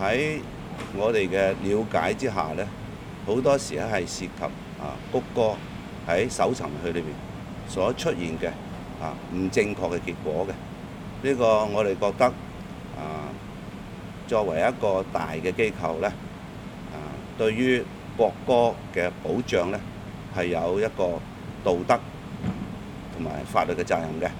喺我哋嘅了解之下呢，好多時係涉及谷歌喺搜尋佢裏邊所出現嘅唔、啊、正確嘅結果嘅。呢、這個我哋覺得、啊、作為一個大嘅機構呢，啊、對於國歌嘅保障呢，係有一個道德同埋法律嘅責任嘅。